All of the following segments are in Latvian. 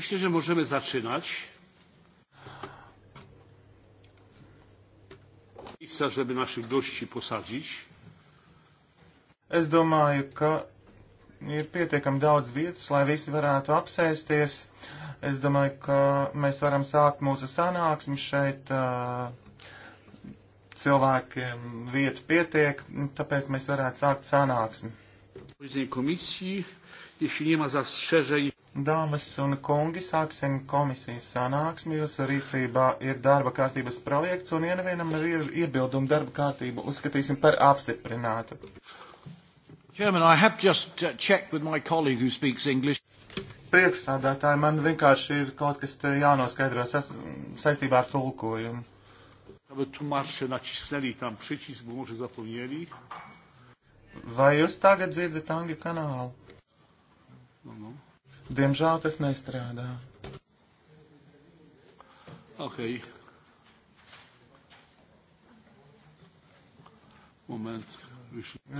Myślę, że możemy zaczynać. Miejsca, żeby naszych gości posadzić. Es domāju, ka ir pietiekami daudz vietas, lai visi varētu apsēsties. Es domāju, ka mēs varam sākt mūsu sanāksmi šeit. Cilvēkiem vietu pietiek, tāpēc mēs varētu sākt sanāksmi. Komisija, jeśli nie ma zastrzeżeń, Dāmas un kungi, sāksim komisijas sanāksmi. Jūsu rīcībā ir darba kārtības projekts, un ja nevienam nav iebildumu darba kārtību, uzskatīsim par apstiprinātu. Chairman, I have just uh, checked with my colleague who speaks English. Priekšsādātāji, man vienkārši ir kaut kas jānoskaidro saistībā ar tulkojumu. Vai jūs tagad dzirdat angļu kanālu? No, no. Diemžēl tas nestrādā. Okay. Moment.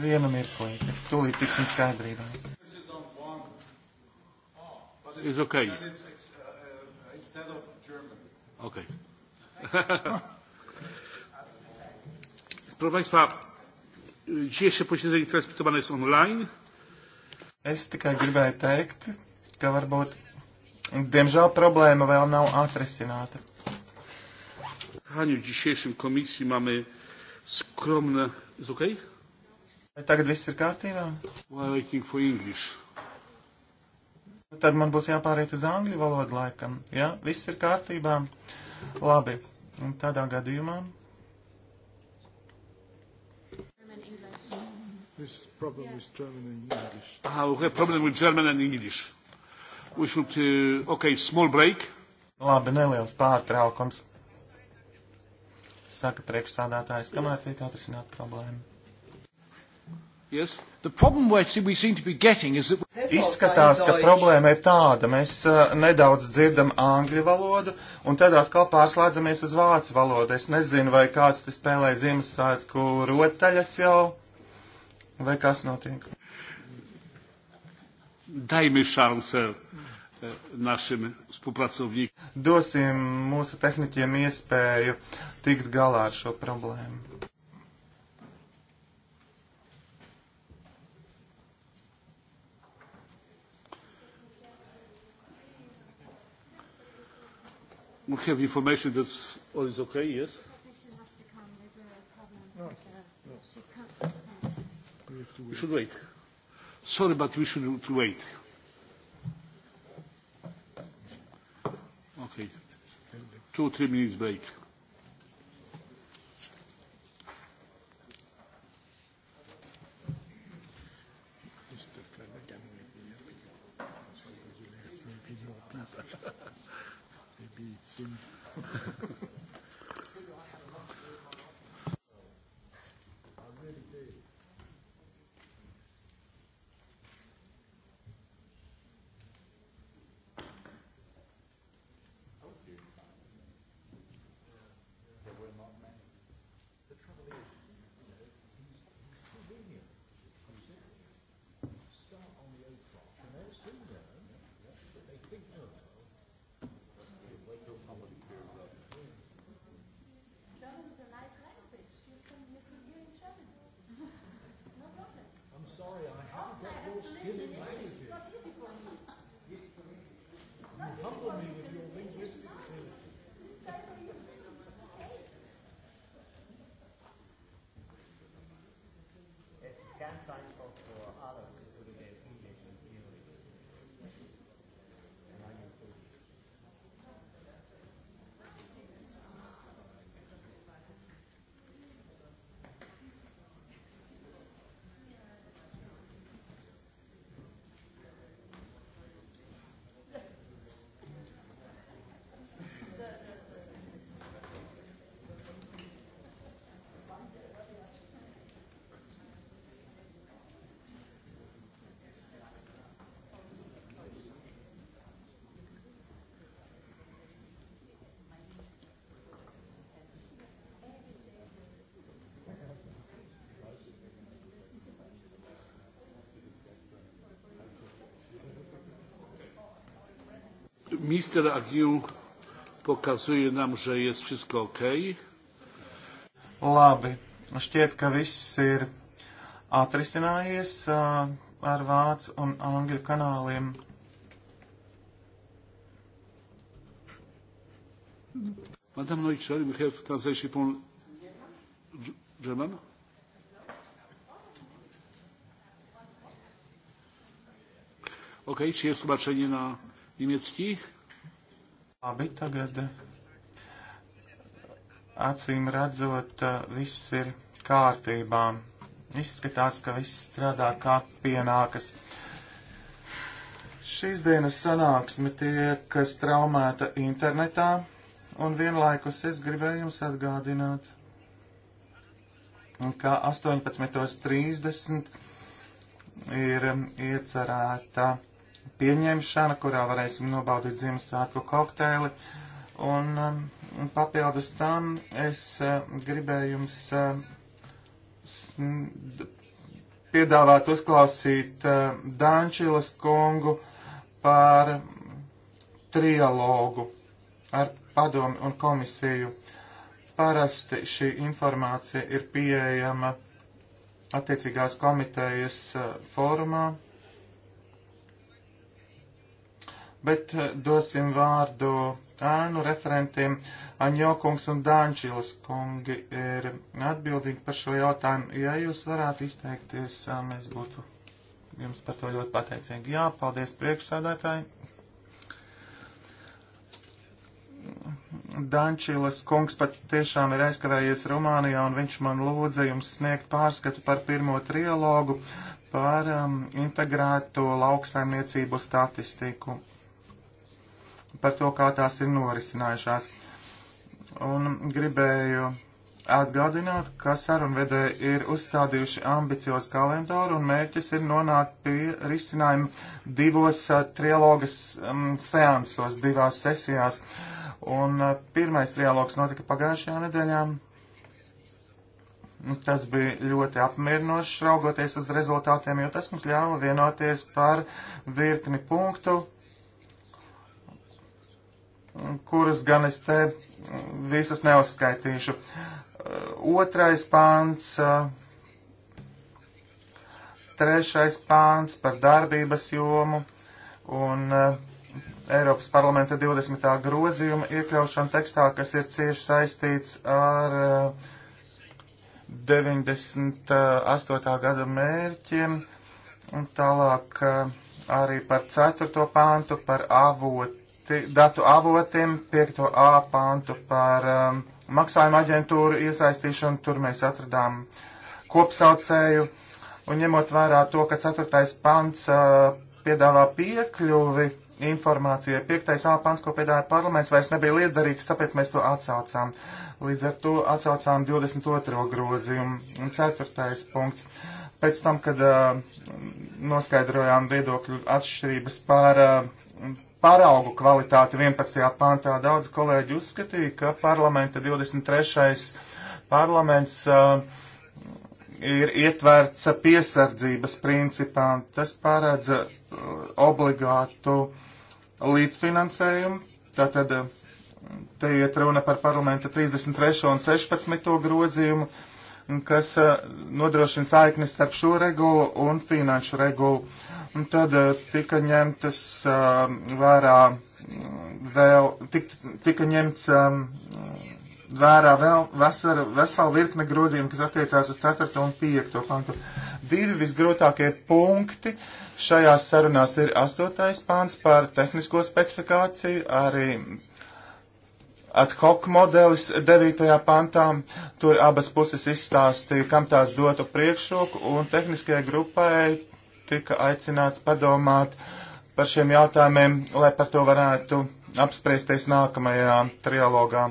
Vienu mirklīti. Tūlīt tiksim skaidrībā. Is okay. Okay. Proszę Państwa, dzisiejsze posiedzenie transmitowane jest online. Es tikai gribēju teikt, ka varbūt, diemžēl, problēma vēl nav atrisināta. Hāņu dzisiejšiem komisiju mamy skromne, is ok? Tagad viss ir kārtībā. Waiting for English. Tad man būs jāpāriet uz angļu valodu laikam. Jā, ja? viss ir kārtībā. Labi. Un tādā gadījumā. This problem yeah. is German and English. Ah, okay, problem with German and English we should, uh, okay, small break. Labi, neliels pārtraukums. Saka priekšsādātājs, kamēr tiek atrisināt problēma. Yes. The problem where we seem to be getting is that... Izskatās, ka problēma ir tāda. Mēs uh, nedaudz dzirdam angļu valodu, un tad atkal pārslēdzamies uz vācu valodu. Es nezinu, vai kāds te spēlē Ziemassvētku rotaļas jau, vai kas notiek dajmy szansę e, našim współpracownikom. Dosim mūsu tehnikiem iespēju tikt galā ar šo problēmu. We have information that all is okay, yes? We should wait. Sorry, but we should wait. Okay. Two, three minutes break. maybe it's in for Aleph. Mister Agnew pokazuje nam, że jest wszystko ok. Labi, šķiet, ka viss ir atrisinājies uh, ar vācu un angļu kanāliem. Madam Neutscher, we have translation from German. Ok, czy jest tłumaczenie na Imieckih. Labi, tagad eh, acīm redzot, eh, viss ir kārtībā. Izskatās, ka viss strādā kā pienākas. Šīs dienas sanāksme tiek straumēta internetā, un vienlaikus es gribēju jums atgādināt, ka 18.30 ir mm, iecerēta pieņemšana, kurā varēsim nobaudīt Ziemassvētku kokteili. Un um, papildus tam es uh, gribēju jums uh, piedāvāt uzklausīt uh, Dančilas kungu par trialogu ar padomi un komisiju. Parasti šī informācija ir pieejama attiecīgās komitejas uh, fórumā. bet eh, dosim vārdu ēnu referentiem. Aņokungs un Dāņčilas kungi ir atbildīgi par šo jautājumu. Ja jūs varētu izteikties, eh, mēs būtu jums par to ļoti pateicīgi. Jā, paldies priekšsādātāji. Dančīlas kungs pat tiešām ir aizkavējies Rumānijā, un viņš man lūdza jums sniegt pārskatu par pirmo trialogu par um, integrēto lauksaimniecību statistiku par to, kā tās ir norisinājušās. Un gribēju atgādināt, ka sarunvedēji ir uzstādījuši ambiciozu kalendāru un mērķis ir nonākt pie risinājuma divos a, uh, trilogas um, seansos, divās sesijās. Un a, uh, pirmais trilogs notika pagājušajā nedēļā. Nu, tas bija ļoti apmierinoši, raugoties uz rezultātiem, jo tas mums ļāva vienoties par virkni punktu, kuras gan es te mm, visas neuzskaitīšu. Uh, otrais pāns, uh, trešais pāns par darbības jomu un uh, Eiropas parlamenta 20. grozījuma iekļaušana tekstā, kas ir cieši saistīts ar 98. gada mērķiem un tālāk arī par 4. pāntu par avotu pie, datu avotiem, 5a pāntu par um, maksājuma aģentūru iesaistīšanu, tur mēs atradām kopsaucēju. Un ņemot vērā to, ka 4. pants uh, piedāvā piekļuvi informācijai, 5. a pants, ko piedāvāja parlaments, vairs nebija liederīgs, tāpēc mēs to atsaucām. Līdz ar to atsaucām 22. grozījumu. Un 4. punkts. Pēc tam, kad uh, noskaidrojām viedokļu atšķirības par uh, paraugu kvalitāti 11. pāntā. Daudz kolēģi uzskatīja, ka parlamenta 23. parlaments uh, ir ietverts piesardzības principā. Tas pārēdz uh, obligātu līdzfinansējumu. Tātad uh, te iet runa par parlamenta 33. un 16. grozījumu kas uh, nodrošina saikni starp šo regulu un finanšu regulu. Un tad uh, tika ņemtas um, vērā mm, vēl, tik, tika ņemts um, vērā vēl vesera, vesela virkne grozījumu, kas attiecās uz 4. un 5. pantu. Divi visgrūtākie punkti šajās sarunās ir 8. pants par tehnisko specifikāciju, arī ad hoc modelis 9. pantā. Tur abas puses izstāstīja, kam tās dotu priekšroku, un tehniskajai grupai tika aicināts padomāt par šiem jautājumiem, lai par to varētu apspriesties nākamajā trialogā.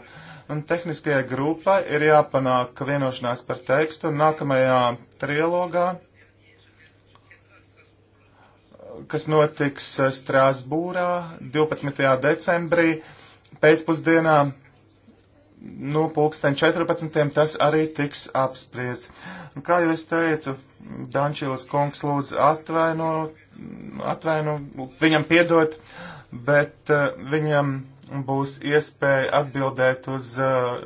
Un tehniskajai grupai ir jāpanāk vienošanās par tekstu nākamajā trialogā, kas notiks eh, Strāsbūrā 12. decembrī pēcpusdienā no nu, pulksten 14. tas arī tiks apspriests. Kā jau es teicu, Dančīlas kungs lūdzu atvaino, atvaino, viņam piedot, bet uh, viņam būs iespēja atbildēt uz uh,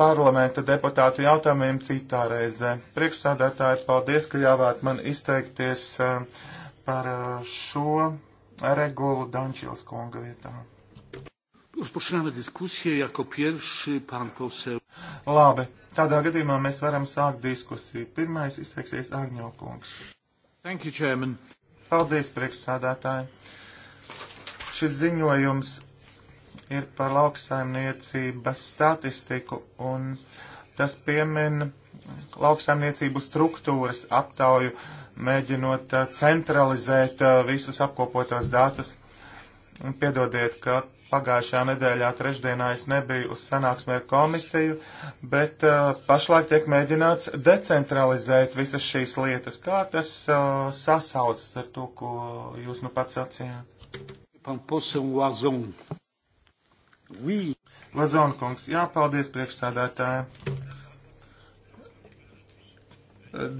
parlamenta deputātu jautājumiem citā reizē. Priekšsādātāji, paldies, ka ļāvāt man izteikties uh, par šo regulu Dančīlas kunga vietā. Uzpašinām diskusiju, jako pierwszy pan poseł. Labi, tādā gadījumā mēs varam sākt diskusiju. Pirmais izteiksies Agņokungs. Thank you, Chairman. Paldies, priekšsādātāji. Šis ziņojums ir par lauksaimniecības statistiku un tas piemin lauksaimniecību struktūras aptauju, mēģinot uh, centralizēt uh, visus apkopotos datus. Un piedodiet, ka Pagājušajā nedēļā trešdienā es nebiju uz sanāksmē komisiju, bet uh, pašlaik tiek mēģināts decentralizēt visas šīs lietas. Kā tas uh, sasaucas ar to, ko jūs nu pats sacījāt? Oui. Lazonkungs, jāpaldies priekšsādātāji.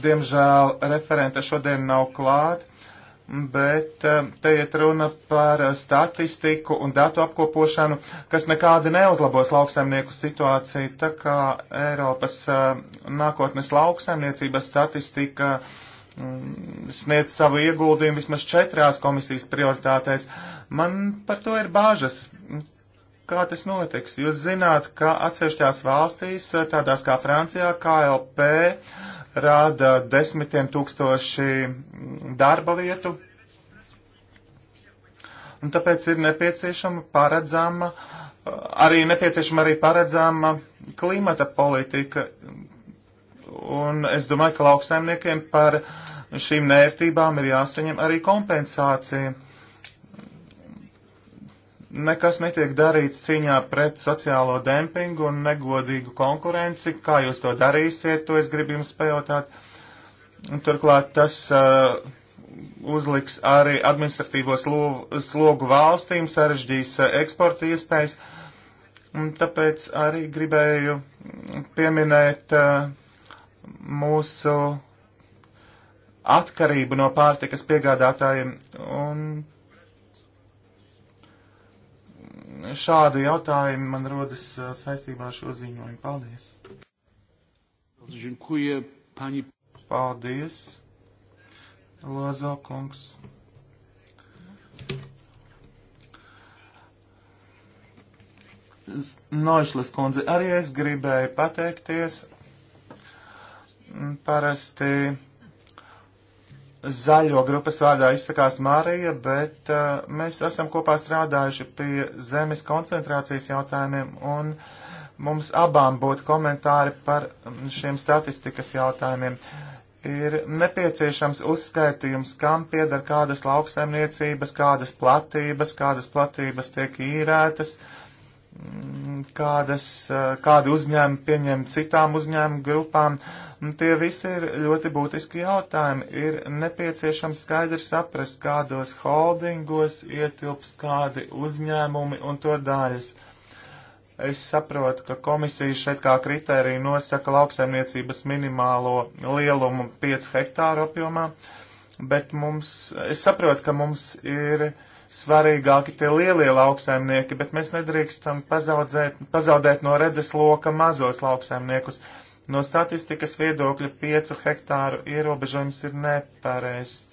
Diemžēl referenta šodien nav klāt. Uh, bet eh, te iet runa par eh, statistiku un datu apkopošanu, kas nekādi neuzlabos lauksaimnieku situāciju, tā kā Eiropas eh, nākotnes lauksaimniecības statistika mm, sniedz savu ieguldījumu vismaz četrās komisijas prioritātēs. Man par to ir bāžas. Kā tas notiks? Jūs zināt, ka atsevišķās valstīs, tādās kā Francijā, KLP, uh, rāda desmitiem tūkstoši darba vietu. Un tāpēc ir nepieciešama paredzama, arī nepieciešama arī paredzama klimata politika. Un es domāju, ka lauksaimniekiem par šīm nērtībām ir jāsaņem arī kompensācija nekas netiek darīts cīņā pret sociālo dempingu un negodīgu konkurenci. Kā jūs to darīsiet, to es gribu jums pajautāt. Turklāt tas uh, uzliks arī administratīvo slogu, slogu valstīm, sarežģīs uh, eksporta iespējas. Un tāpēc arī gribēju pieminēt uh, mūsu atkarību no pārtikas piegādātājiem. Un šādi jautājumi man rodas uh, saistībā ar šo ziņojumu. Paldies! Dziękuję, pani... Paldies, Lozo kungs! Noišlis kundze, arī es gribēju pateikties. Parasti zaļo grupas vārdā izsakās Mārija, bet uh, mēs esam kopā strādājuši pie zemes koncentrācijas jautājumiem un mums abām būtu komentāri par um, šiem statistikas jautājumiem. Ir nepieciešams uzskaitījums, kam piedar kādas lauksaimniecības, kādas platības, kādas platības tiek īrētas, uh, Mm, kādas, eh, kādu uzņēmumu pieņem citām uzņēmumu grupām. Tie visi ir ļoti būtiski jautājumi. Ir nepieciešams skaidri saprast, kādos holdingos ietilpst kādi uzņēmumi un to daļas. Es saprotu, ka komisija šeit kā kritēriju nosaka lauksaimniecības minimālo lielumu 5 hektāru apjomā, bet mums, es saprotu, ka mums ir uh, svarīgāki tie lielie lauksaimnieki, bet mēs nedrīkstam pazaudzēt, pazaudēt no redzes loka mazos lauksaimniekus. No statistikas viedokļa 5 hektāru ierobežojums ir nepareizs.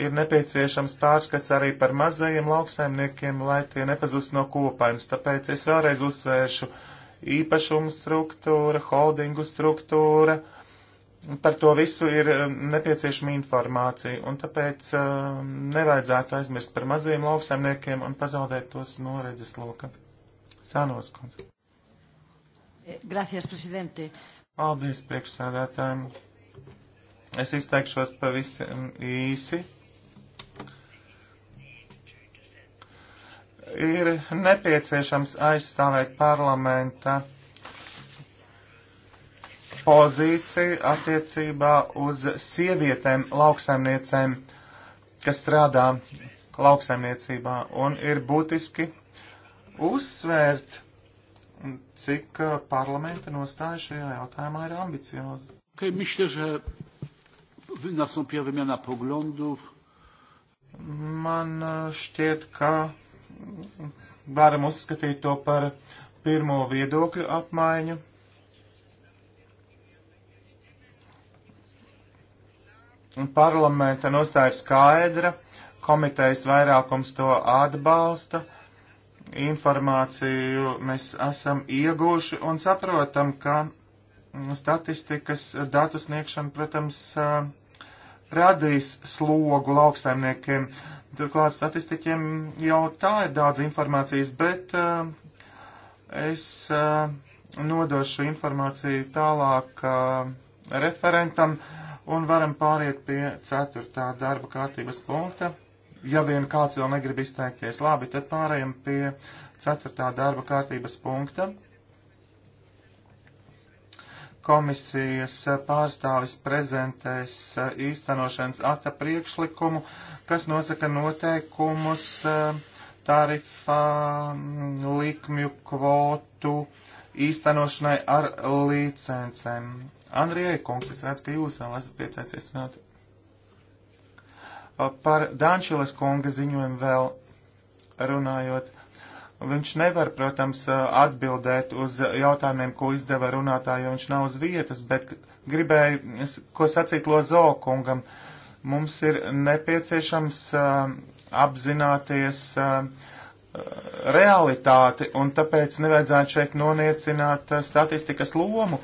Ir nepieciešams pārskats arī par mazajiem lauksaimniekiem, lai tie nepazust no kopainas. Tāpēc es vēlreiz uzsvēršu īpašumu struktūra, holdingu struktūra. Uh, par to visu ir um, nepieciešama informācija, un tāpēc uh, nevajadzētu aizmirst par maziem lauksaimniekiem un pazaudēt tos no redzes loka. Sānos, kundze. Eh, gracias, prezidente. Paldies, priekšsādātājiem. Es izteikšos pavisam īsi. Ir nepieciešams aizstāvēt parlamenta pozīciju attiecībā uz sievietēm lauksaimniecēm, kas strādā lauksaimniecībā, un ir būtiski uzsvērt, cik uh, parlamenta nostāja šajā jautājumā ir ambicioza. Okay, myślę, że nastąpiła wymiana poglądów. Man uh, šķiet, ka varam uzskatīt to par pirmo viedokļu apmaiņu Parlamenta nostāja ir skaidra, komitejas vairākums to atbalsta, informāciju mēs esam iegūši un saprotam, ka mm, statistikas datu sniegšana, protams, radīs slogu lauksaimniekiem. Turklāt statistiķiem jau tā ir daudz informācijas, bet uh, es uh, nodošu informāciju tālāk uh, referentam, Un varam pāriet pie ceturtā darba kārtības punkta. Ja vien kāds vēl negrib izteikties labi, tad pārējiem pie ceturtā darba kārtības punkta. Komisijas pārstāvis prezentēs īstenošanas akta priekšlikumu, kas nosaka noteikumus e, tarifā likmju kvotu īstenošanai ar licencēm Andrijai, kungs, es redzu, ka jūs vēl esat piecēcies runāt. Par Dančiles kunga ziņojumu vēl runājot. Viņš nevar, protams, atbildēt uz jautājumiem, ko izdeva runātāji, jo viņš nav uz vietas, bet gribēju, ko sacīt Lozo kungam. Mums ir nepieciešams apzināties realitāti, un tāpēc nevajadzētu šeit noniecināt statistikas lomu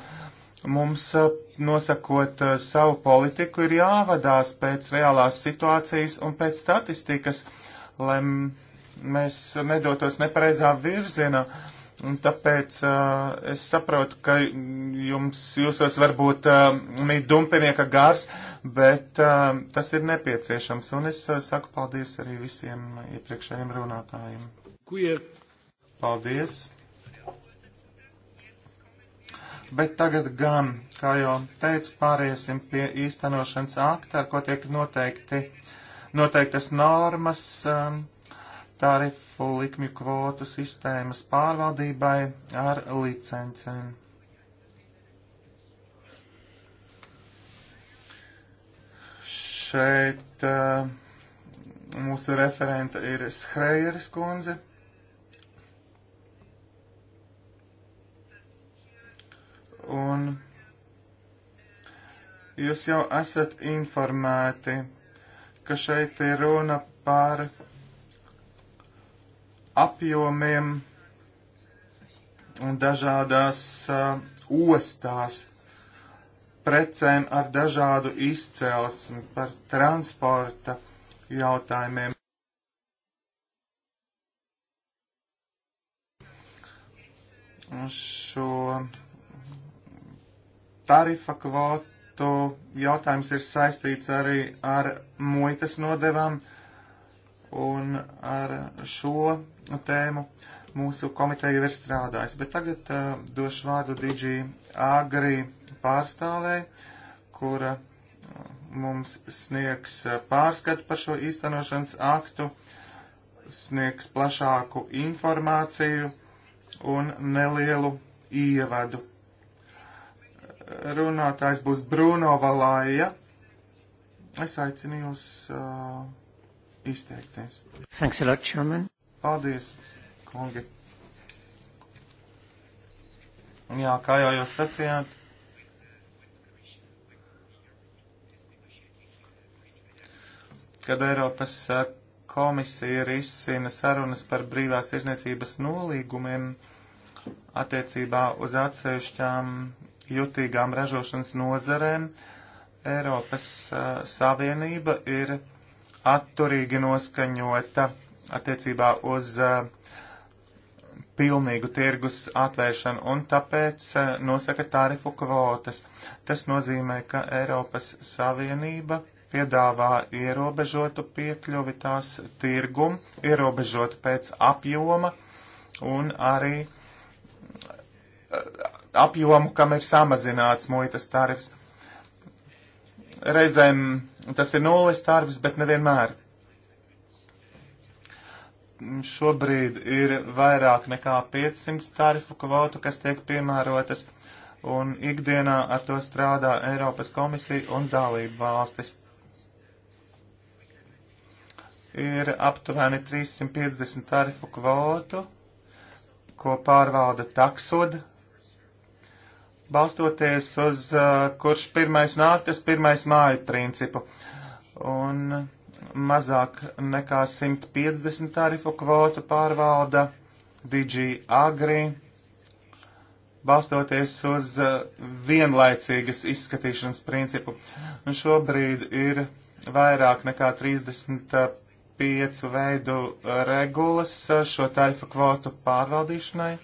mums nosakot savu politiku ir jāvadās pēc reālās situācijas un pēc statistikas, lai mēs nedotos nepareizā virzienā. Un tāpēc uh, es saprotu, ka jums, jūsos varbūt uh, mīt dumpinieka gars, bet uh, tas ir nepieciešams. Un es uh, saku paldies arī visiem iepriekšējiem runātājiem. Kujer. Paldies. Bet tagad gan, kā jau teicu, pāriesim pie īstenošanas akta, ar ko tiek noteikti, noteiktas normas um, tarifu likmju kvotu sistēmas pārvaldībai ar licencēm. Šeit uh, mūsu referenta ir Schreieris kundze. un jūs jau esat informēti, ka šeit ir runa par apjomiem un dažādās uh, ostās, precēm ar dažādu izcelsmi, par transporta jautājumiem. Šo tarifa kvotu jautājums ir saistīts arī ar muitas nodevām un ar šo tēmu mūsu komiteja ir strādājis. Bet tagad uh, došu vārdu Digi Agri pārstāvē, kura uh, mums sniegs uh, pārskatu par šo īstenošanas aktu, sniegs plašāku informāciju un nelielu ievadu runātājs būs Bruno Valāja. Es aicinu jūs uh, izteikties. Thanks a lot, Chairman. Paldies, kungi. Jā, kā jau jūs sacījāt. Kad Eiropas uh, komisija ir izsina sarunas par brīvās tiešniecības nolīgumiem attiecībā uz atsevišķām jutīgām ražošanas nozarēm Eiropas uh, Savienība ir atturīgi noskaņota attiecībā uz uh, pilnīgu tirgus atvēršanu un tāpēc uh, nosaka tarifu kvotas. Tas nozīmē, ka Eiropas Savienība piedāvā ierobežotu piekļuvi tās tirgumu, ierobežotu pēc apjoma un arī apjomu, kam ir samazināts muitas tarifs. Reizēm tas ir nulles tarifs, bet nevienmēr. Šobrīd ir vairāk nekā 500 tarifu kvotu, kas tiek piemērotas, un ikdienā ar to strādā Eiropas komisija un dalību valstis ir aptuveni 350 tarifu kvotu, ko pārvalda taksoda balstoties uz uh, kurš pirmais nāk, tas pirmais māju principu. Un mazāk nekā 150 tarifu kvotu pārvalda DG Agri, balstoties uz uh, vienlaicīgas izskatīšanas principu. Un šobrīd ir vairāk nekā 35 veidu uh, regulas uh, šo tarifu kvotu pārvaldīšanai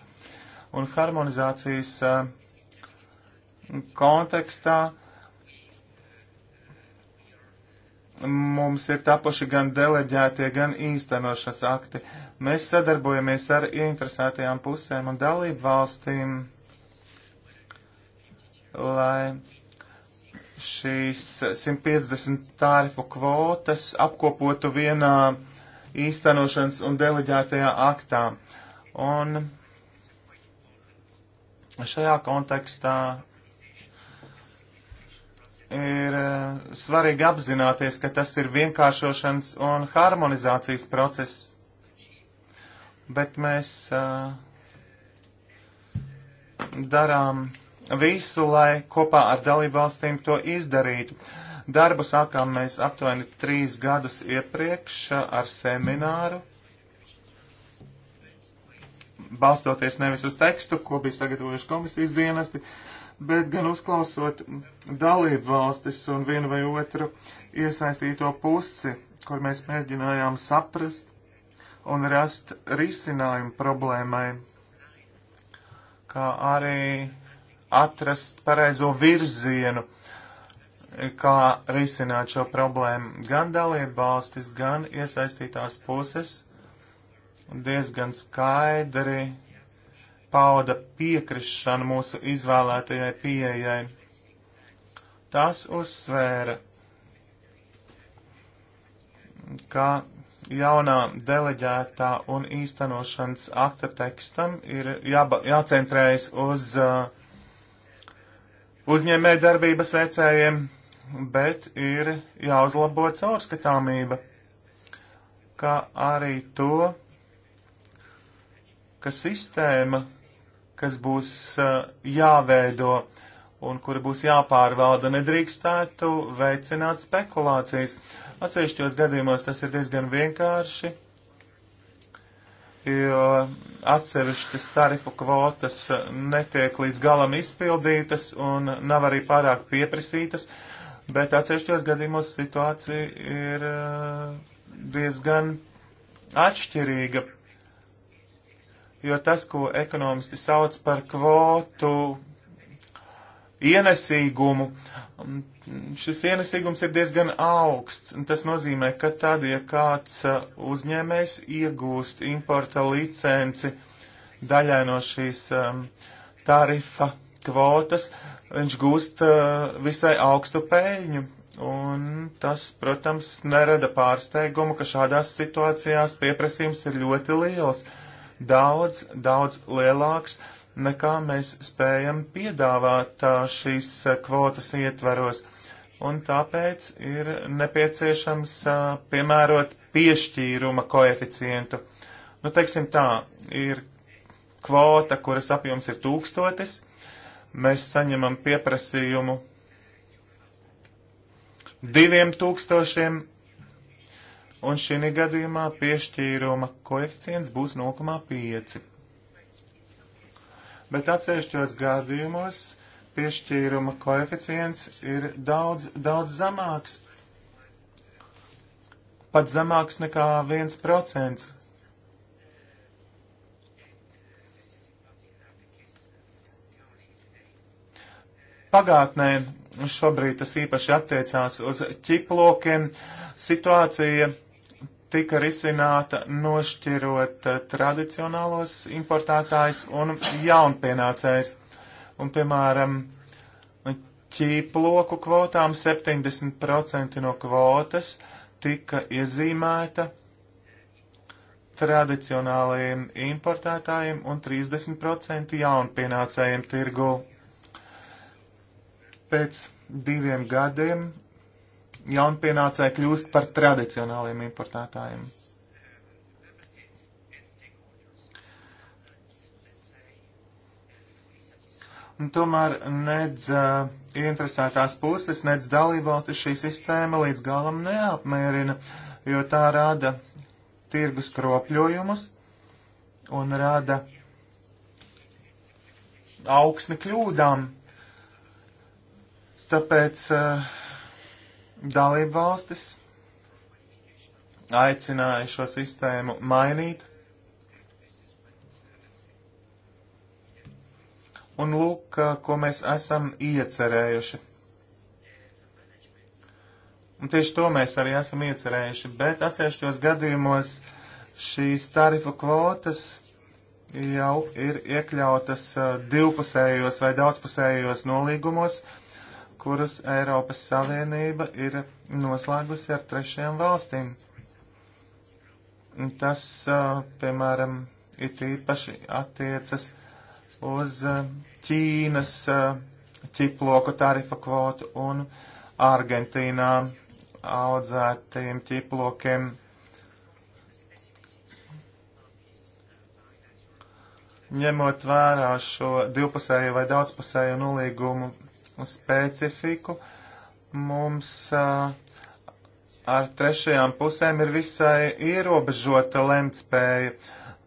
un harmonizācijas uh, kontekstā mums ir tapuši gan deleģētie, gan īstenošas akti. Mēs sadarbojamies ar ieinteresētajām pusēm un dalību valstīm, lai šīs 150 tārifu kvotas apkopotu vienā īstenošanas un deleģētajā aktā. Un šajā kontekstā ir eh, svarīgi apzināties, ka tas ir vienkāršošanas un harmonizācijas process. Bet mēs uh, darām visu, lai kopā ar dalībvalstīm to izdarītu. Darbu sākām mēs aptuveni trīs gadus iepriekš ar semināru, balstoties nevis uz tekstu, ko bija sagatavojuši komisijas dienesti, uh, bet gan uzklausot dalību valstis un vienu vai otru iesaistīto pusi, kur mēs mēģinājām saprast un rast risinājumu problēmai, kā arī atrast pareizo virzienu, kā risināt šo problēmu. Gan dalību valstis, gan iesaistītās puses diezgan skaidri pauda piekrišanu mūsu izvēlētajai pieejai. Tas uzsvēra, ka jaunā deleģētā un īstenošanas akta tekstam ir jāba, jācentrējas uz uh, uzņēmē darbības veicējiem, bet ir jāuzlabo caurskatāmība, kā arī to, ka sistēma kas būs uh, jāveido un kuri būs jāpārvalda, nedrīkstētu veicināt spekulācijas. Atsevišķos gadījumos tas ir diezgan vienkārši, jo atsevišķas tarifu kvotas netiek līdz galam izpildītas un nav arī pārāk pieprasītas, bet atsevišķos gadījumos situācija ir uh, diezgan atšķirīga jo tas, ko ekonomisti sauc par kvotu ienesīgumu, šis ienesīgums ir diezgan augsts. Tas nozīmē, ka tad, ja kāds uh, uzņēmējs iegūst importa licenci daļai no šīs um, tarifa kvotas, viņš gūst uh, visai augstu peļņu. Un tas, protams, nerada pārsteigumu, ka šādās situācijās pieprasījums ir ļoti liels. Uh, daudz, daudz lielāks nekā mēs spējam piedāvāt šīs eh, kvotas ietvaros. Un tāpēc ir nepieciešams eh, piemērot piešķīruma koeficientu. Nu, teiksim tā, ir kvota, kuras apjoms ir tūkstotis. Mēs saņemam pieprasījumu diviem tūkstošiem un šī gadījumā piešķīruma koeficients būs 0,5. Bet atsevišķos gadījumos piešķīruma koeficients ir daudz, daudz zemāks, pat zemāks nekā 1%. Pagātnē šobrīd tas īpaši attiecās uz ķiplokiem. Situācija tika risināta nošķirot eh, tradicionālos importētājs un jaunpienācējs. Un, piemēram, ķīploku kvotām 70% no kvotas tika iezīmēta tradicionālajiem importētājiem un 30% jaunpienācējiem tirgu. Pēc diviem gadiem jaunpienācēji kļūst par tradicionāliem importētājiem. Un tomēr nedz uh, interesētās puses, nedz dalībvalstis šī sistēma līdz galam neapmierina, jo tā rada tirgus kropļojumus un rada augsni kļūdām. Tāpēc uh, Dalība valstis aicināja šo sistēmu mainīt. Un lūk, ko mēs esam iecerējuši. Un tieši to mēs arī esam iecerējuši, bet atsevišķos gadījumos šīs tarifu kvotas jau ir iekļautas divpusējos vai daudzpusējos nolīgumos, uh, kurus Eiropas Savienība ir noslēgusi ar trešajām valstīm. Tas, piemēram, it īpaši attiecas uz Ķīnas ķiploku tarifa kvotu un Argentīnā audzētajiem ķiplokiem. Ņemot vērā šo divpusējo vai daudzpusējo nolīgumu specifiku. Mums uh, ar trešajām pusēm ir visai ierobežota lemtspēja,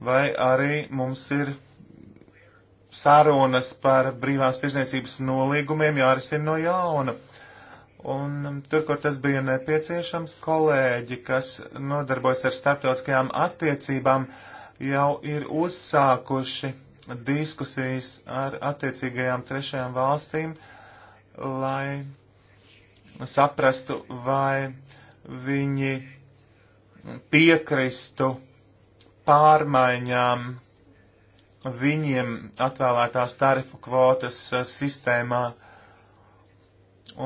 vai arī mums ir sarunas par brīvās tirzniecības nolīgumiem jārisina no jauna. Un um, tur, kur tas bija nepieciešams, kolēģi, kas nodarbojas ar starptautiskajām attiecībām, jau ir uzsākuši diskusijas ar attiecīgajām trešajām valstīm, uh, lai saprastu, vai viņi piekristu pārmaiņām viņiem atvēlētās tarifu kvotas eh, sistēmā.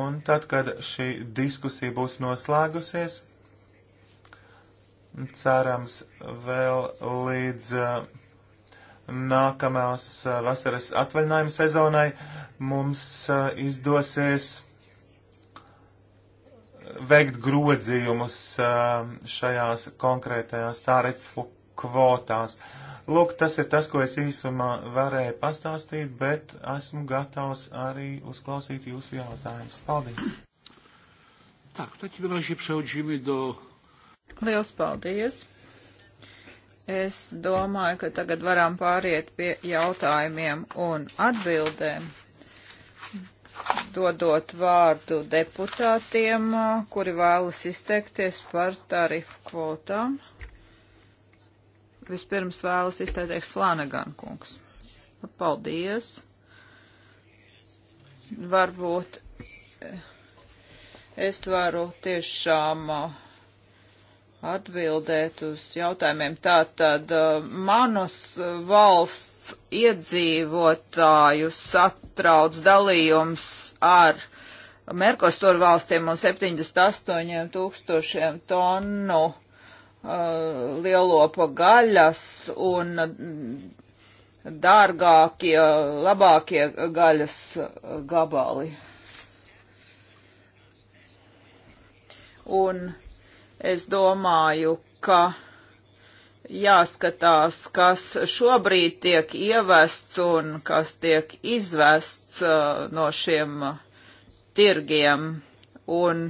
Un tad, kad šī diskusija būs noslēgusies, cerams, vēl līdz uh, nākamās eh, vasaras atvaļinājuma sezonai mums eh, izdosies veikt grozījumus eh, šajās konkrētajās tarifu kvotās. Lūk, tas ir tas, ko es īsumā varēju pastāstīt, bet esmu gatavs arī uzklausīt jūsu jautājumus. Paldies! Tak, w takim razie przechodzimy do. Liels paldies! Es domāju, ka tagad varam pāriet pie jautājumiem un atbildēm, dodot vārdu deputātiem, kuri vēlas izteikties par tarifu kvotām. Vispirms vēlas izteikties Flanagan kungs. Paldies. Varbūt es varu tiešām. Uh, atbildēt uz jautājumiem. Tātad uh, manas uh, valsts iedzīvotāju satrauc dalījums ar Merkostur valstiem un 78 tūkstošiem tonu uh, lielopa gaļas un mm, dārgākie, labākie gaļas gabali. Un Es domāju, ka jāskatās, kas šobrīd tiek ievests un kas tiek izvests uh, no šiem uh, tirgiem. Un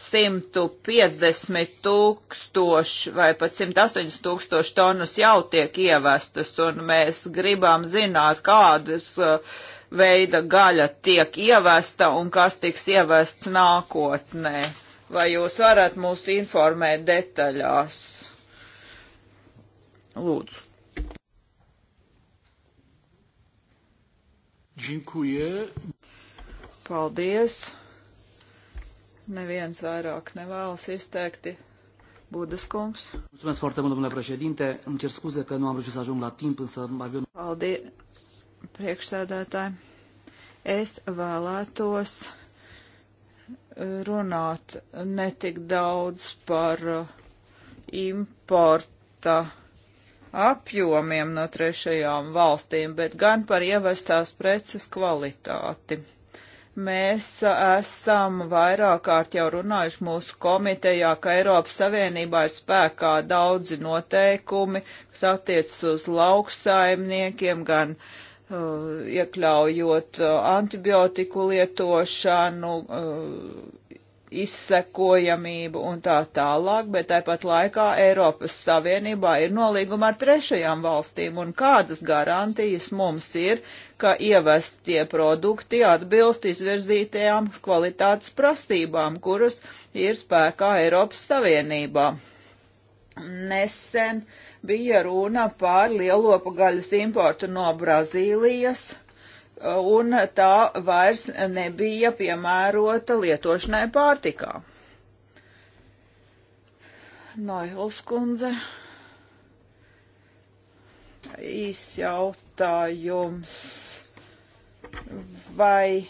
150 tūkstoši vai pat 180 tūkstoši tonnas jau tiek ievestas, un mēs gribam zināt, kādas uh, veida gaļa tiek ievesta un kas tiks ievests nākotnē. Vai jūs varat mūs informēt detaļās? Lūdzu. Džinkuje. Paldies. Neviens vairāk nevēlas izteikti. Budas kungs. Mulțumesc foarte mult, domnule președinte. Îmi cer scuze că nu am reușit să ajung la timp, însă avionul... Paldies, priekšsēdētāji. Es vēlētos runāt netik daudz par uh, importa apjomiem no trešajām valstīm, bet gan par ievestās preces kvalitāti. Mēs uh, esam vairāk kārt jau runājuši mūsu komitejā, ka Eiropas Savienībā ir spēkā daudzi noteikumi, kas attiecas uz lauksaimniekiem, gan uh, Uh, iekļaujot uh, antibiotiku lietošanu, uh, izsekojamību un tā tālāk, bet tāpat laikā Eiropas Savienībā ir nolīguma ar trešajām valstīm, un kādas garantijas mums ir, ka ievestie produkti atbilst izvirzītajām kvalitātes prasībām, kuras ir spēkā Eiropas Savienībā. Nesen uh, bija runa par lielopu gaļas importu no Brazīlijas, un tā vairs nebija piemērota lietošanai pārtikā. Noihils kundze. Īs jautājums. Vai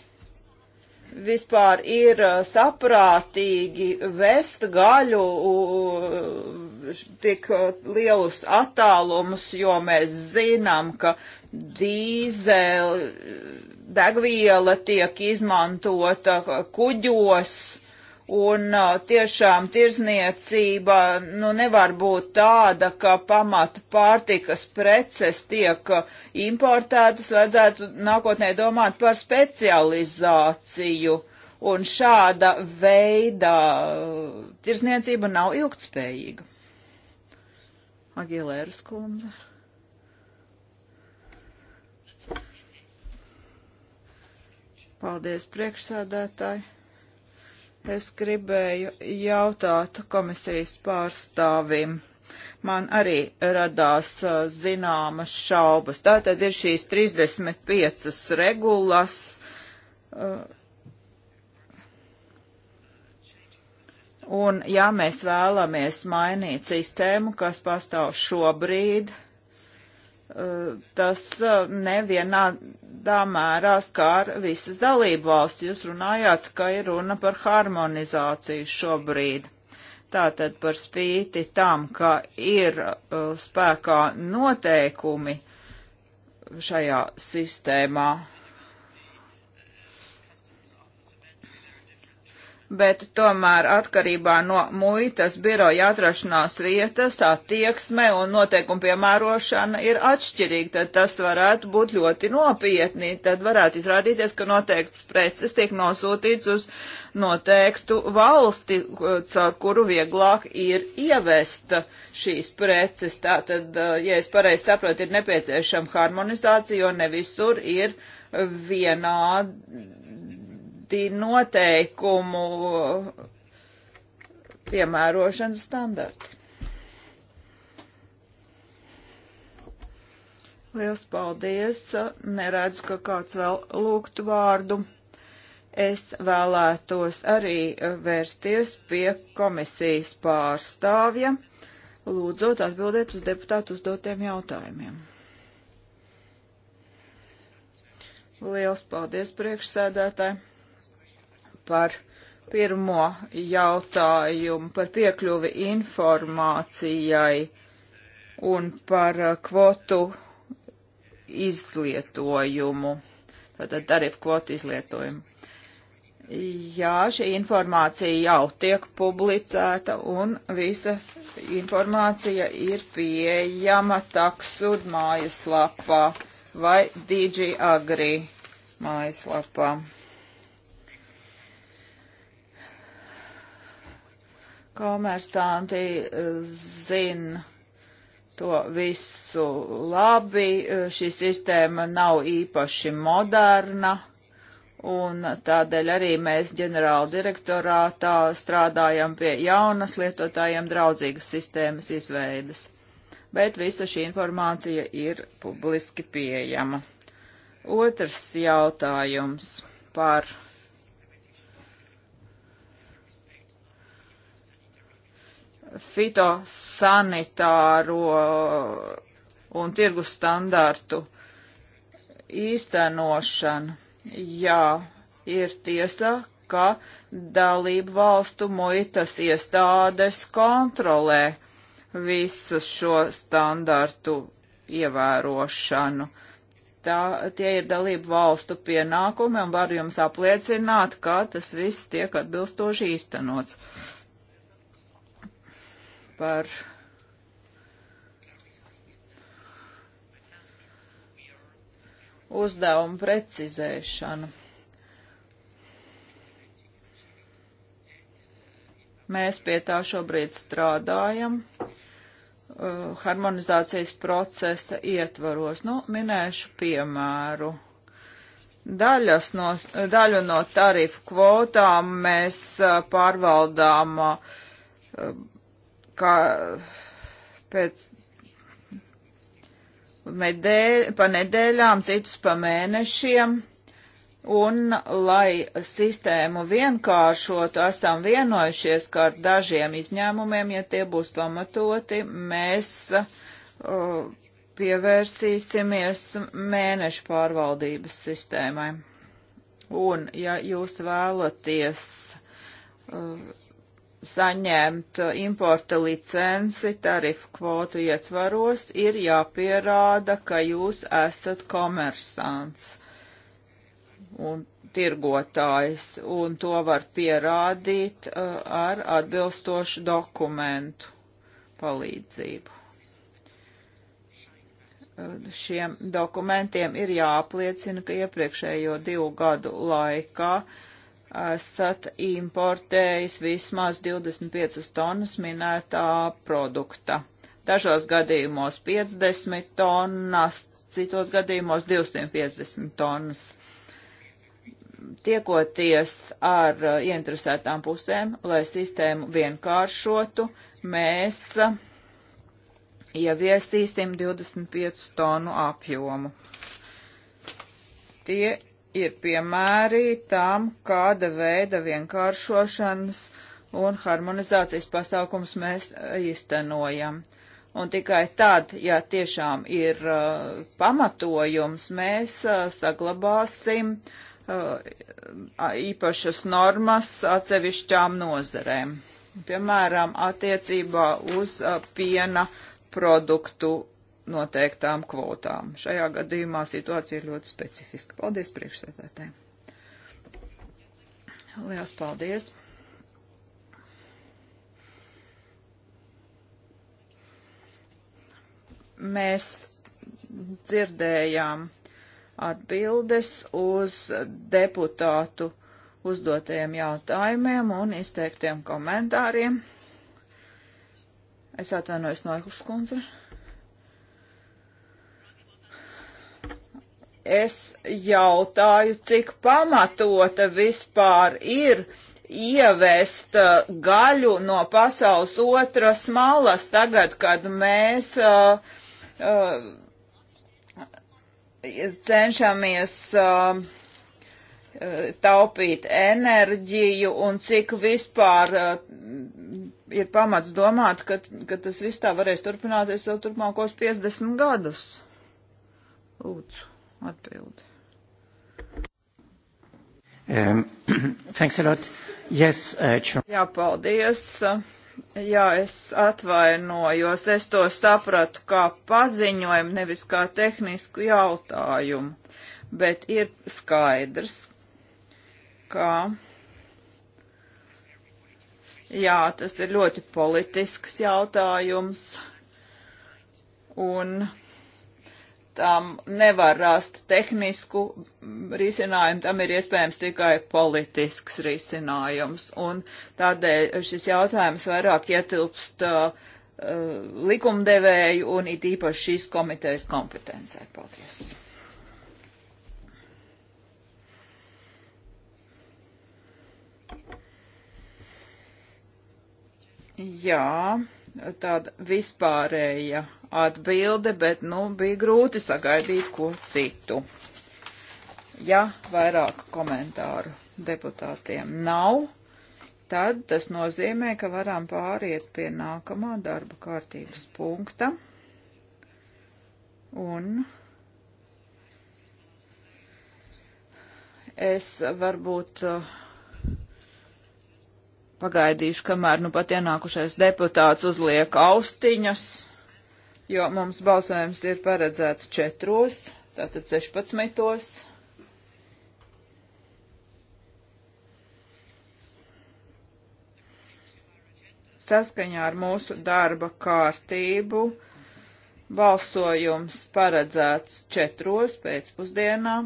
vispār ir saprātīgi vest gaļu tik uh, lielus attālumus, jo mēs zinām, ka dīzeļa degviela tiek izmantota kuģos. Un uh, tiešām tirzniecība nu, nevar būt tāda, ka pamata pārtikas preces tiek uh, importētas, vajadzētu nākotnē domāt par specializāciju. Un šāda veida tirzniecība nav ilgtspējīga. Agilēras kundze. Paldies, priekšsēdētāji. Es gribēju jautāt komisijas pārstāvim. Man arī radās zināmas šaubas. Tātad ir šīs 35 regulas. Uh, Un ja mēs vēlamies mainīt sistēmu, kas pastāv šobrīd, eh, tas eh, nevienādā mērā skār visas dalību valsts. Jūs runājāt, ka ir runa par harmonizāciju šobrīd. Tātad par spīti tam, ka ir eh, spēkā noteikumi šajā sistēmā bet tomēr atkarībā no muitas biroja atrašanās vietas attieksme un noteikuma piemērošana ir atšķirīga, tad tas varētu būt ļoti nopietni. Tad varētu izrādīties, ka noteikts preces tiek nosūtīts uz noteiktu valsti, caur kuru vieglāk ir ievest šīs preces. Tātad, eh, ja es pareizi saprotu, ir nepieciešama harmonizācija, jo ne visur ir vienādi citi noteikumu piemērošanas standarti. Liels paldies! Neredzu, ka kāds vēl lūgtu vārdu. Es vēlētos arī vērsties pie komisijas pārstāvja, lūdzot atbildēt uz deputātu uzdotiem jautājumiem. Liels paldies priekšsēdētāji! par pirmo jautājumu par piekļuvi informācijai un par uh, kvotu izlietojumu. Tātad tarifu kvotu izlietojumu. Jā, šī informācija jau tiek publicēta un visa informācija ir pieejama taksud mājaslapā vai DigiAgri mājaslapā. Komersanti eh, zina to visu labi, eh, šī sistēma nav īpaši moderna. Un tādēļ arī mēs ģenerāla direktorātā strādājam pie jaunas lietotājiem draudzīgas sistēmas izveidas. Bet visa šī informācija ir publiski pieejama. Otrs jautājums par fitosanitāro un tirgus standārtu īstenošana. Jā, ir tiesa, ka dalību valstu muitas iestādes kontrolē visu šo standārtu ievērošanu. Tā, tie ir dalību valstu pienākumi un var jums apliecināt, ka tas viss tiek atbilstoši īstenots. Uh, par uzdevumu precizēšanu. Mēs pie tā šobrīd strādājam uh, harmonizācijas procesa ietvaros. Nu, minēšu piemēru. Daļas no, daļu no tarifu kvotām mēs uh, pārvaldām uh, kā pēc medēļ, pa nedēļām, citus pa mēnešiem. Un, lai sistēmu vienkāršotu, esam vienojušies, ka ar dažiem izņēmumiem, ja tie būs pamatoti, mēs uh, pievērsīsimies mēnešu pārvaldības sistēmai. Un, ja jūs vēlaties uh, saņemt importa licenci tarifu kvotu ietvaros, ir jāpierāda, ka jūs esat komersants un tirgotājs, un to var pierādīt uh, ar atbilstošu dokumentu palīdzību. Uh, šiem dokumentiem ir jāapliecina, ka iepriekšējo divu gadu laikā uh, esat importējis vismaz 25 tonnas minētā produkta. Dažos gadījumos 50 tonnas, citos gadījumos 250 tonnas. Tiekoties ar uh, ieinteresētām pusēm, lai sistēmu vienkāršotu, mēs ieviesīsim 25 tonu apjomu. Tie ir piemēri tam, kāda veida vienkāršošanas un harmonizācijas pasākums mēs e, īstenojam. Un tikai tad, ja tiešām ir uh, pamatojums, mēs uh, saglabāsim uh, īpašas normas atsevišķām nozerēm. Piemēram, attiecībā uz piena produktu noteiktām kvotām. Šajā gadījumā situācija ir ļoti specifiska. Paldies priekšsēdētājiem. Lielas paldies! Mēs dzirdējām atbildes uz deputātu uzdotajiem jautājumiem un izteiktiem komentāriem. Es atvainojos Noihlas kundze. es jautāju, cik pamatota vispār ir ievest uh, gaļu no pasaules otras malas tagad, kad mēs uh, uh, cenšamies uh, taupīt enerģiju un cik vispār uh, ir pamats domāt, ka, ka tas viss tā varēs turpināties vēl turpmākos 50 gadus. Lūdzu atbildi. Um, thanks a lot. Yes, uh, Jā, paldies. Jā, es atvainojos. Es to sapratu kā paziņojumu, nevis kā tehnisku jautājumu. Bet ir skaidrs, ka. Jā, tas ir ļoti politisks jautājums. Un tam nevar rast tehnisku risinājumu, tam ir iespējams tikai politisks risinājums. Un tādēļ šis jautājums vairāk ietilpst uh, uh likumdevēju un it īpaši šīs komitejas kompetencē. Paldies! Jā, tāda vispārēja atbilde, bet, nu, bija grūti sagaidīt ko citu. Ja vairāk komentāru deputātiem nav, tad tas nozīmē, ka varam pāriet pie nākamā darba kārtības punkta. Un es varbūt uh, pagaidīšu, kamēr nu pat ienākušais deputāts uzliek austiņas jo mums balsojums ir paredzēts četros, tātad 16. Saskaņā ar mūsu darba kārtību balsojums paredzēts četros pēcpusdienā.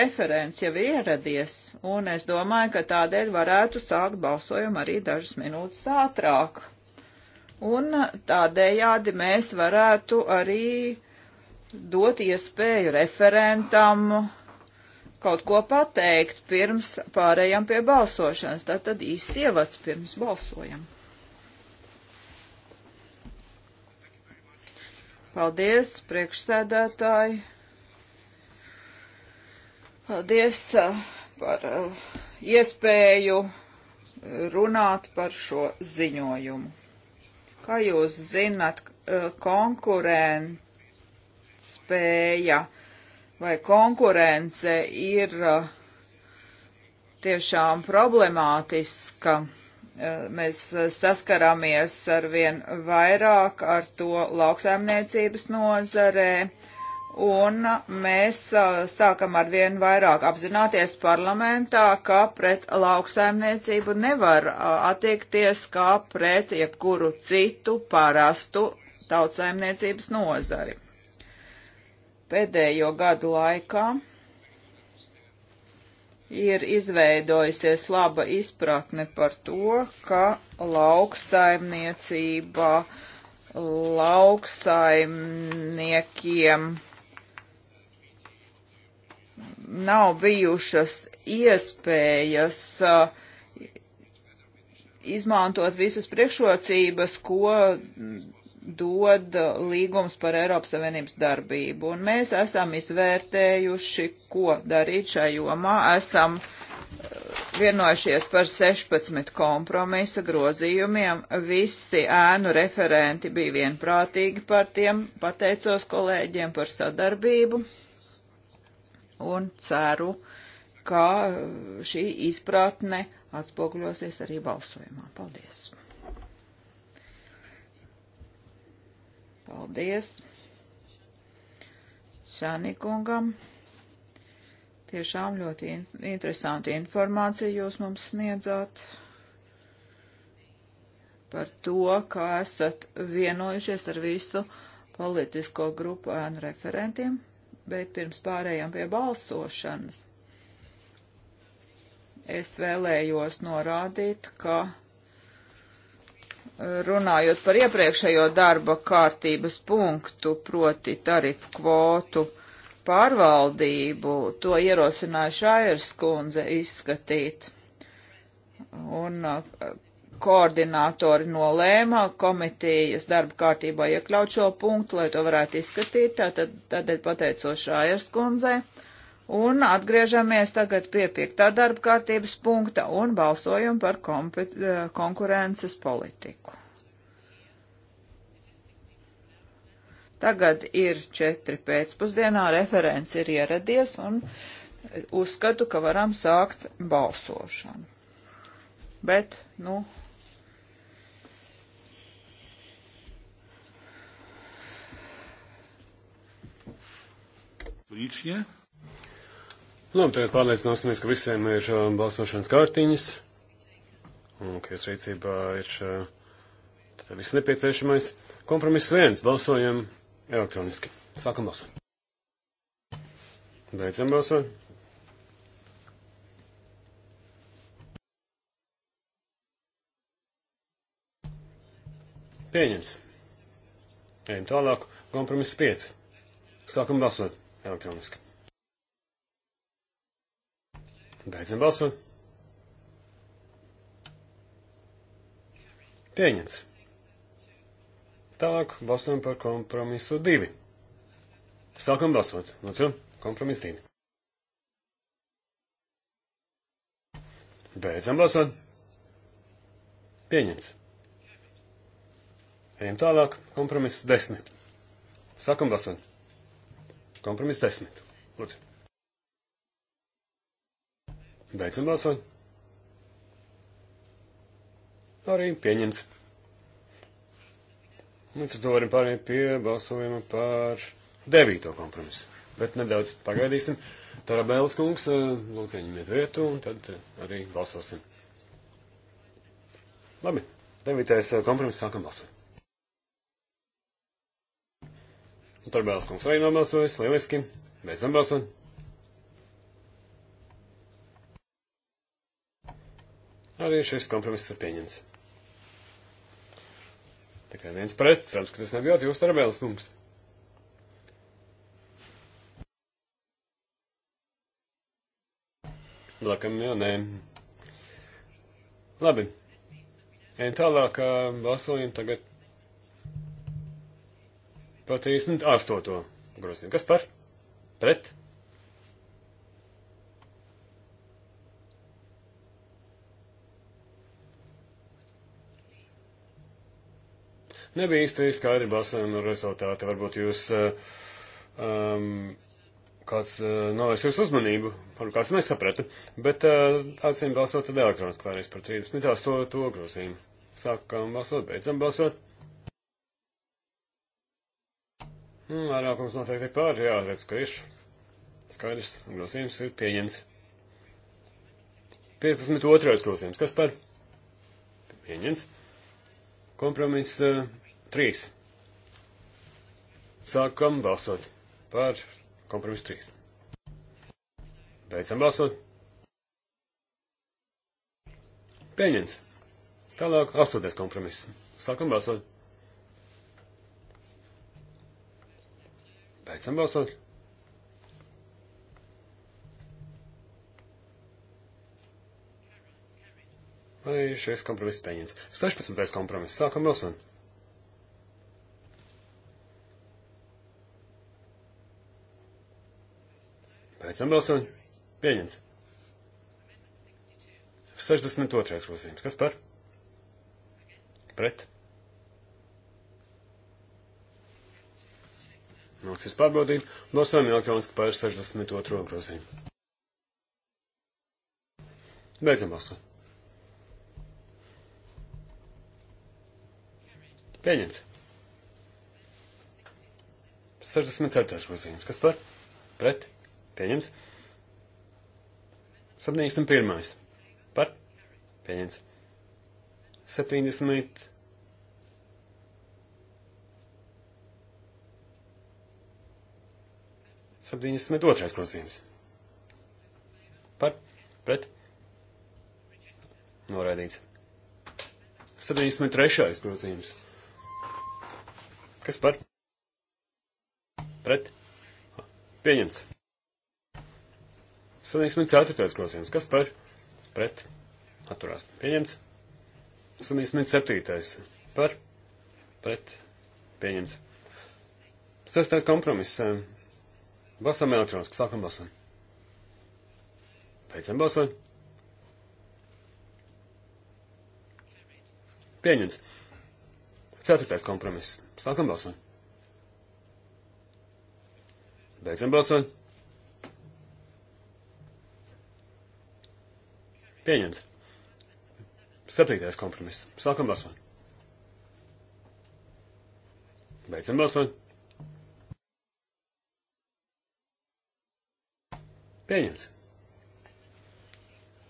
Referents jau ieradies, un es domāju, ka tādēļ varētu sākt balsojumu arī dažas minūtes ātrāk. Un tādējādi mēs varētu arī dot iespēju referentam kaut ko pateikt pirms pārējām pie balsošanas. Tātad īsts ievads pirms balsojam. Paldies, priekšsēdētāji. Paldies uh, par uh, iespēju runāt par šo ziņojumu. Kā jūs zinat, eh, konkurētspēja vai konkurence ir eh, tiešām problemātiska. Eh, mēs saskaramies ar vien vairāk ar to lauksaimniecības nozarē Un mēs sākam ar vien vairāk apzināties parlamentā, ka pret lauksaimniecību nevar attiekties kā pret jebkuru citu parastu tautsaimniecības nozari. Pēdējo gadu laikā ir izveidojusies laba izpratne par to, ka lauksaimniecībā lauksaimniekiem nav bijušas iespējas uh, izmantot visas priekšrocības, ko dod līgums par Eiropas Savienības darbību. Un mēs esam izvērtējuši, ko darīt šajā jomā. Esam uh, vienojušies par 16 kompromisa grozījumiem. Visi ēnu referenti bija vienprātīgi par tiem. Pateicos kolēģiem par sadarbību un ceru, ka šī izpratne atspoguļosies arī balsojumā. Paldies! Paldies Šānikungam! Tiešām ļoti in interesanti informācija jūs mums sniedzāt par to, kā esat vienojušies ar visu politisko grupu ēnu referentiem bet pirms pārējām pie balsošanas es vēlējos norādīt, ka eh, runājot par iepriekšējo darba kārtības punktu, proti tarifu kvotu pārvaldību, to ierosināja Šairs kundze izskatīt. Un eh, koordinātori nolēma komitijas darba kārtībā iekļaut šo punktu, lai to varētu izskatīt, tātad tādēļ pateicos Šājers kundzei. Un atgriežamies tagad pie piektā darba kārtības punkta un balsojam par konkurences politiku. Tagad ir četri pēcpusdienā, referents ir ieradies un uzskatu, ka varam sākt balsošanu. Bet, nu, licznie. Nu, labi, tagad pārliecināsimies, ka visiem ir uh, balsošanas kārtiņas, un ka jūs rīcībā ir uh, viss nepieciešamais. Kompromiss viens, balsojam elektroniski. Sākam balsot. Beidzam balsot. Pieņems. Ejam tālāk. Kompromiss 5. Sākam balsot elektroniski. Beidzam balsot. Pieņemts. Tālāk balsojam par kompromisu divi. Sākam balsot. Lūdzu, kompromiss divi. Beidzam balsot. Pieņemts. Ejam tālāk. Kompromiss desmit. Sākam balsot. Kompromiss desmit. Lūdzu. Beidzam balsot. Arī pieņemts. Līdz ar to varam pāriet pie balsojuma par devīto kompromisu. Bet nedaudz pagaidīsim. Tarabēlas kungs, eh, lūdzu, ieņemiet vietu un tad eh, arī balsosim. Labi, devītais eh, kompromiss sākam balsot. Tarbēls kungs arī nobalsojis. Lieliski. Beidzam balsot. Arī šis kompromiss ir pieņemts. Tikai viens pret, cerams, ka tas nebija jūs, Tarbēls kungs. Lakam, jā, nē. Labi. Ejam tālāk, balsojam tagad par 38. grozījumu. Kas par? Pret? Nebija īsti skaidri balsojuma rezultāti. Varbūt jūs eh, um, kāds uh, eh, novērš jūsu uzmanību, varbūt kāds nesaprata, bet uh, acīm balsot tad elektroniski vairs par 38. grozījumu. Sākam balsot, beidzam balsot. Un nu, vairākums noteikti pār, jā, redz, ka ir. Skaidrs, grozījums ir pieņemts. 52. grozījums, kas par? Pieņemts. Kompromiss uh, eh, 3. Sākam balsot par kompromisu 3. Beidzam balsot. Pieņemts. Tālāk, astoties kompromiss. Sākam balsot. Beidzam balsot. Arī šis kompromiss pieņems. 16. kompromiss. Sākam balsot. Beidzam balsot. Pieņems. 62. grozījums. Kas par? Pret. Nāksies pārbaudīt. Balsojam elektroniski par 62. grozījumu. Beidzam balsot. Pieņemts. 64. grozījums. Kas par? Pret? Pieņemts. 71. Par? Pieņemts. 70. 72. grozījums. Par, pret, noraidīts. 73. grozījums. Kas par? Pret. Pieņemts. 74. grozījums. Kas par? Pret. Atturās. Pieņemts. 77. Par. Pret. Pieņemts. Sestais kompromiss. Balsam elektroniski, sākam balsot. Beidzam balsot. Pieņems. Ceturtais kompromiss. Sākam balsot. Beidzam balsot. Pieņems. Septītais kompromiss. Sākam balsot. Beidzam balsot. Pieņems.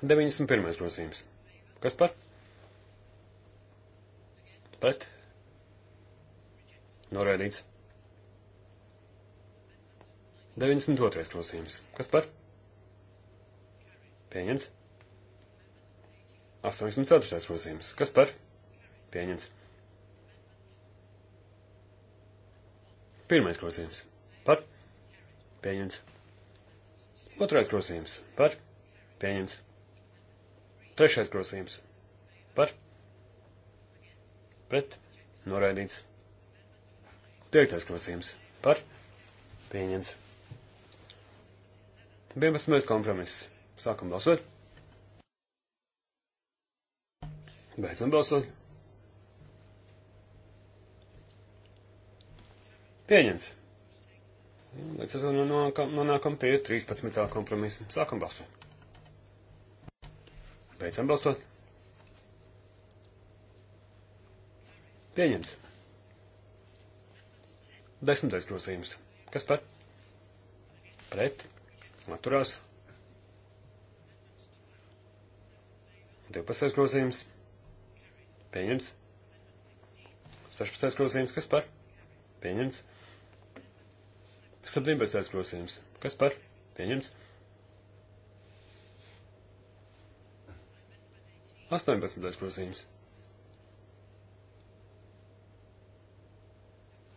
91. grozījums. Kas par? Pret. Noraidīts. 92. grozījums. Kas par? Pieņems. 84. grozījums. Kas par? Pieņems. Pirmais grozījums. Par? Pieņems. Otrais grozījums par pieņemts. Trešais grozījums par pret noraidīts. Piektais grozījums par pieņemts. 11. kompromiss. Sākam balsot. Beidzam balsot. Pieņemts. Līdz ar to nu nonākam, nonākam pie 13. kompromisa. Sākam balsot. Beidzam balsot. Pieņemts. Desmitais grozījums. Kas par? Pret. Atturās. 12. grozījums. Pieņemts. 16. grozījums. Kas par? Pieņemts. 17. grozījums. Kas par? Pieņems. 18. grozījums.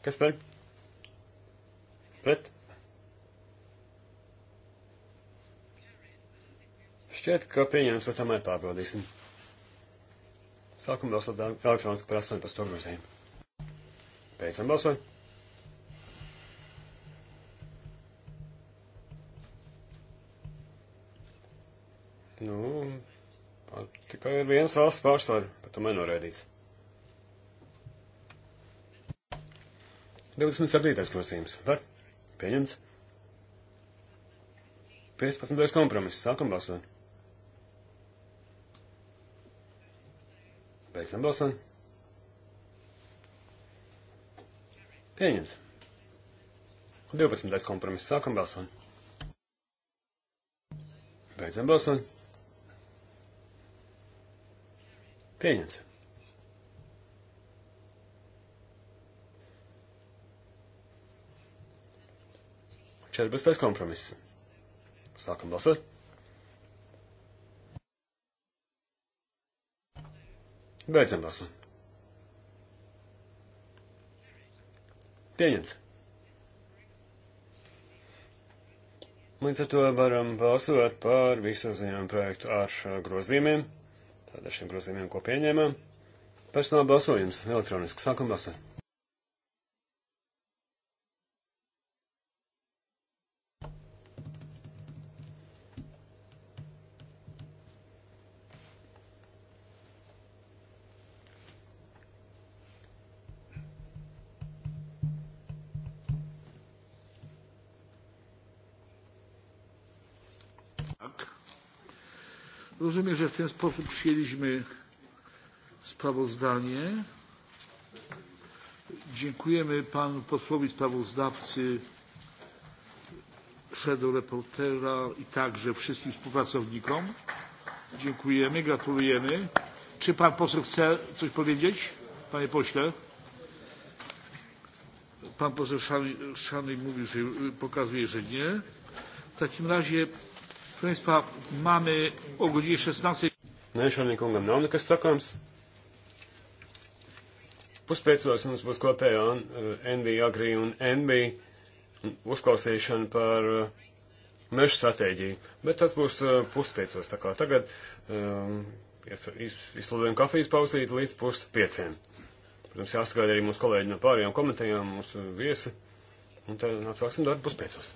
Kas par? Pret? Šķiet, ka pieņēmums, bet tomēr pārbaudīsim. Sākumā balsot elektroniski par 18. grozījumu. Beidzam balsot. Nu, tikai ir viens valsts pārstāvis, bet tomēr norēdīts. 27. grozījums. Var? Pieņemts. 15. kompromiss. Sākam balsot. Beidzam balsot. Pieņemts. 12. kompromiss. Sākam balsot. Beidzam balsot. Pieņemts. Četrpadsmitais kompromiss. Sākam balsot. Beidzam balsot. Pieņemts. Līdz ar to varam balsot par visu ziņojumu projektu ar uh, grozījumiem. Tātad ar šiem grozījumiem, ko pieņēmām, personāla balsojums elektroniski sākam balsot. rozumiem, że w ten sposób przyjęliśmy sprawozdanie. Dziękujemy panu posłowi sprawozdawcy, shadow reportera i także wszystkim współpracownikom. Dziękujemy, gratulujemy. Czy pan poseł chce coś powiedzieć, panie pośle? Pan poseł Szanej mówi, że pokazuje, że nie. W takim razie Principā, mamy o godīju 16. Nē, šodien kungam nav nekas sakāms. Puspēcos mums būs kopējā NV Agri un NV uzklausīšana par meža stratēģiju, bet tas būs puspēcos, tā kā tagad um, izsludinām kafijas pauzīt līdz puspieciem. Protams, jāsagaida arī mūsu kolēģi no pārējām komitejām, mūsu viesi, un tad nāc sāksim darbu puspēcos.